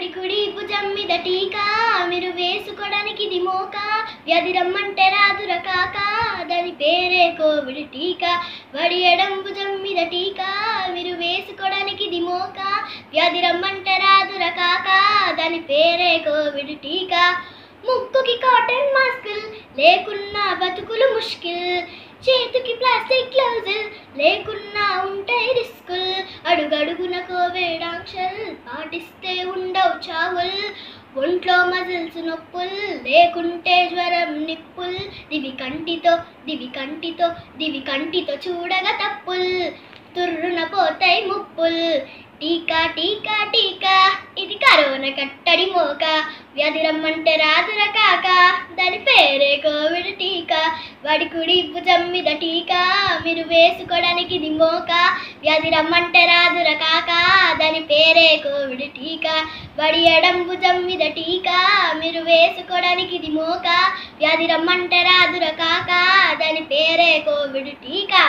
అతడి కుడి భుజమ్మిద టీకా మీరు వేసుకోవడానికి ఇది మోక వ్యాధి రమ్మంటే రాదుర కాక దాని పేరే కోవిడ్ టీకా వడి ఎడం భుజం మీద టీకా మీరు వేసుకోవడానికి ఇది మోక వ్యాధి రమ్మంటే రాదుర కాక దాని పేరే కోవిడ్ టీకా ముక్కుకి కాటన్ మాస్కులు లేకున్నా బతుకులు ముష్కిల్ చేతికి ప్లాస్టిక్ గ్లౌజులు లేకున్నా ఉంటాయి రిస్కులు ఆవుల్ ఒంట్లో మజిల్స్ నొప్పుల్ లేకుంటే జ్వరం నిప్పుల్ దివి కంటితో దివి కంటితో దివి కంటితో చూడగా తప్పుల్ తుర్రున పోతాయి ముప్పుల్ టీకా టీకా టీకా ఇది కరోనా కట్టడి మోక వ్యాధి రమ్మంటే రాదుర కాక దాని వాడి కుడి భుజం మీద టీకా మీరు వేసుకోవడానికి ఇది మోక వ్యాధి రమ్మంటే రాదుర కాక దాని పేరే కోవిడ్ టీకా వాడి ఎడం భుజం మీద టీకా మీరు వేసుకోవడానికి ఇది మోక వ్యాధి రమ్మంటే రాదుర కాక దాని పేరే కోవిడ్ టీకా